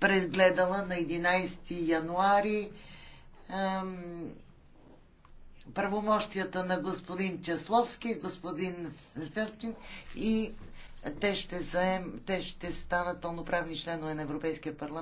прегледала на 11 януари правомощията на господин Чесловски, господин Жертин и те ще, заем, те ще станат пълноправни членове на Европейския парламент.